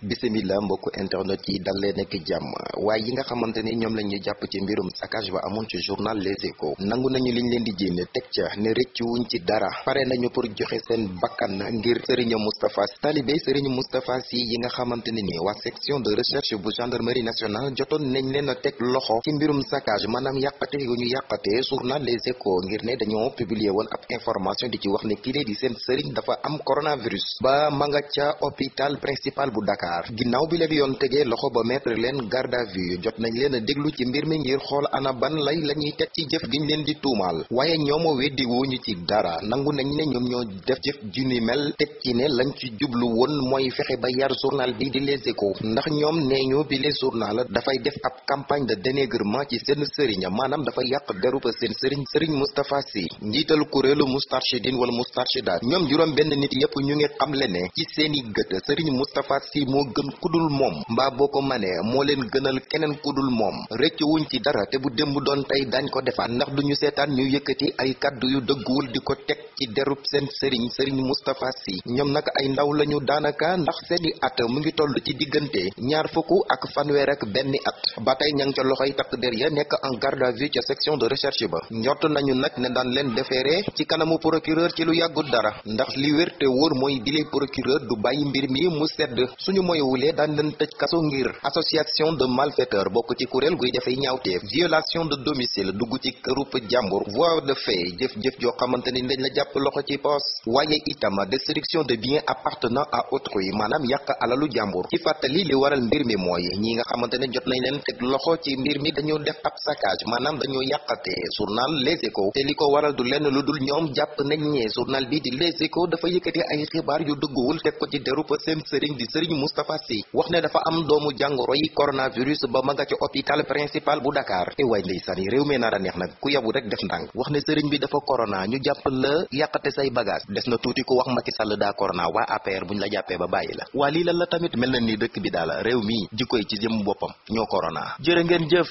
bisimila mbokku internet yi dal leen ak jàmm waaye yi nga xamante ni ñoom la ñuy jàpp ci mbirum saccage ba amoon ci journal Les Échos nangu nañu liñ leen di jénne teg ca ne rëccuwuñ ci dara pare nañu pour joxe seen bakkan ngir sëriñ Moustapha Sy taalibe sëriñ Moustapha Sy yi nga xamante ne ni waa section de recherche bu gendarmerie nationale jotoon nañ leen a teg loxo ci mbirum saccage maanaam yàqate yu ñu yàqate journal Les Échos ngir ne dañoo publier woon ab information di ci wax ne kii di seen sëriñ dafa am coronavirus ba ma nga ca hôpital principal bu Dakar Dakar ginnaaw bi leen yoon tegee loxo ba mettre leen garde à vue jot nañ leen déglu ci mbir mi ngir xool ana ban lay la ñuy teg ci jëf giñ leen di tuumaal waaye ñooma weddi wuñu ci dara nangu nañ ne ñoom ñoo def jëf ju ni mel teg ci ne lañ ci jublu woon mooy fexe ba yar journal bi di Les Échos ndax ñoom nee ñu bi les journal dafay def ab campagne de dénigrement ci seen sëriñ maanaam dafa yàq derub seen sëriñ sëriñ Moustapha Sy njiital kuréelu Moustarchidine wala Moustarchidaat ñoom juróom benn nit yépp ñu ngi xamle ne ci seeni gët sëriñ moo gën kudul moom mbaa boo ko manee moo leen gënal keneen kudul moom rëcc wuñ ci dara te bu démb doon tey dañ ko defaat ndax du ñu seetaan ñu yëkkati ay kàddu yu dëgguwul di ko teg ci derub seen sëriñ sëriñ Moustapha Sy ñoom nag ay ndaw lañu daanaka ndax seeni at mu ngi toll ci diggante ñaar fukk ak fanweer ak benn at ba tey ña ngi ca loxoy takk ya nekk en garde à vue ca section de recherche ba njort nañu nag ne daan leen defeere ci kanamu procureur ci lu yàggul dara ndax li wér te wóor mooy bile procureur du bàyyi mbir mi mu sedd suñu moywulee daan leen tëj kaso ngir association de malfaiteurs bokk ci kuréel guy defee ñaawteef violation de domicile dugg ci de fait jëf-jëf joo jàpp loxo ci poos waaye itam destruction de biens appartenant à autrui maanaam yàq alalu jàmbur ci fàttali li waral mbir mi mooy ñi nga xamante ne jot nañ leen teg loxo ci mbir mi dañu def ab saccage maanaam dañoo yàqate journal Les Échos te li ko waral du lenn lu dul ñoom jàpp nañ ñee journal bi di Les Échos dafa yëkkati ay xibaar yu dëgguwul teg ko ci deru fa seen sëriñ di sëriñ Moustapha Sy wax ne dafa am doomu jàngoro yi coronavirus ba ma nga ci hôpital principal bu Dakar te waay ndeysaan yi réew mi naa neex nag ku yabu rek def ndànk wax ne sëriñ bi dafa yàqate say bagage des na tuuti ku wax Macky Sall d'accord naa waa APR buñ la jàppee ba bàyyi la waa lii la la tamit mel na ni dëkk bi daala réew mii jikkoy ci jëm boppam ñoo korona jërë ngeen jëf